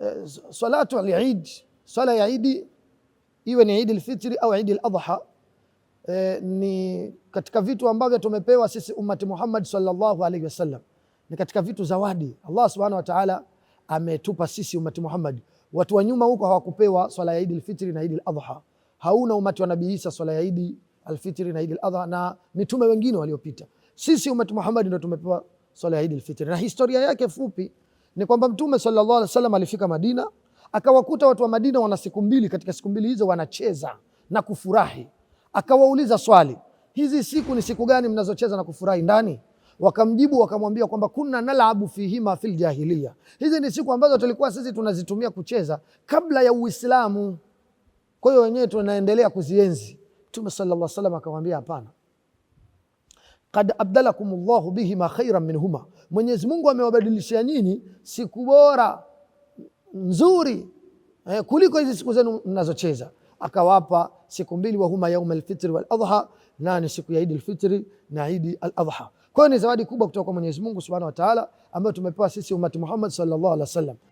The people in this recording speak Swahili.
Eh, salatu al-Eid, swala ya Eid iwe ni Eid al fitr au Eid al-Adha e, ni katika vitu ambavyo tumepewa sisi ummati Muhammad sallallahu alaihi wasallam, ni katika vitu zawadi Allah subhanahu wa ta'ala ametupa sisi ummati Muhammad. Watu wa nyuma huko hawakupewa swala ya Eid al fitr na Eid al-Adha. Hauna ummati wa Nabii Isa swala ya Eid al fitr na Eid al-Adha na mitume wengine waliopita. Sisi ummati Muhammad ndio tumepewa swala ya Eid al fitr na historia yake fupi ni kwamba Mtume sallallahu alaihi wasallam alifika Madina, akawakuta watu wa Madina wana siku mbili. Katika siku mbili hizo wanacheza na kufurahi. Akawauliza swali, hizi siku ni siku gani mnazocheza na kufurahi ndani? Wakamjibu wakamwambia kwamba kunna nalabu fihima fil jahiliya, hizi ni siku ambazo tulikuwa sisi tunazitumia kucheza kabla ya Uislamu, kwa hiyo wenyewe tunaendelea kuzienzi. Mtume sallallahu alaihi wasallam akamwambia hapana kad abdalakum llahu bihima khairan minhuma, Mwenyezi Mungu amewabadilishia nyinyi siku bora nzuri eh, kuliko hizi siku zenu mnazocheza. Akawapa siku mbili, wahuma yauma lfitri waladha, na ni siku ya idi lfitri na idi aladha. Kwa hiyo ni zawadi kubwa kutoka kwa Mwenyezi Mungu subhanahu wa taala ambayo tumepewa sisi umati Muhammad sallallahu alaihi wasallam.